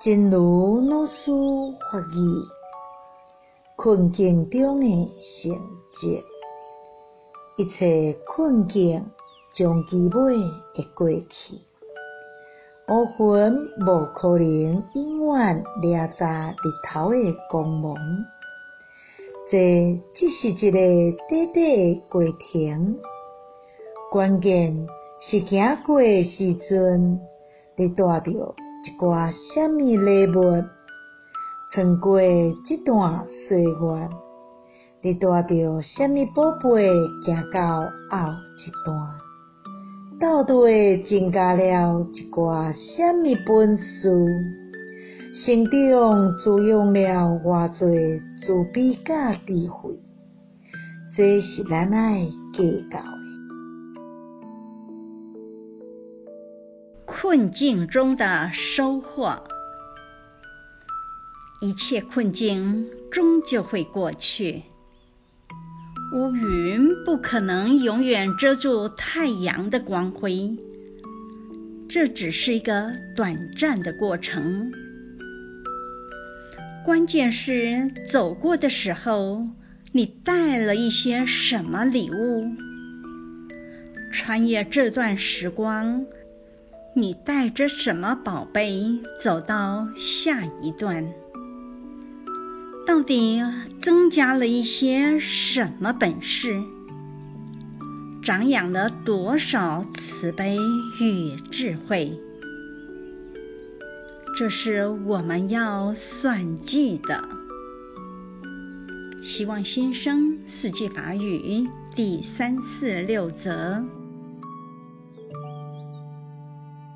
真如老師法語，困境中的收穫，一切困境終其尾會過去。烏雲不可能永遠遮住日頭的光芒，這只是一個短短的過程。關鍵是走過時陣，你帶着，一寡蝦米禮物？穿過這段歲月，你帶着蝦米寶貝行到後一段？到底增加了一寡蝦米本事？成長滋養了偌濟慈悲甲智慧？這是咱愛計較的。困境中的收穫，一切困境終究會過去。烏雲不可能永遠遮住太陽的光輝，這只是一個短暫的過程。關鍵是走過的時候，你帶了一些什麼禮物？穿越這段時光。你帶着什麼寶貝走到下一段？到底增加了一些什麼本事？長養了多少慈悲與智慧？這是我們要算計的。希望新生《四季法語》第三四六則。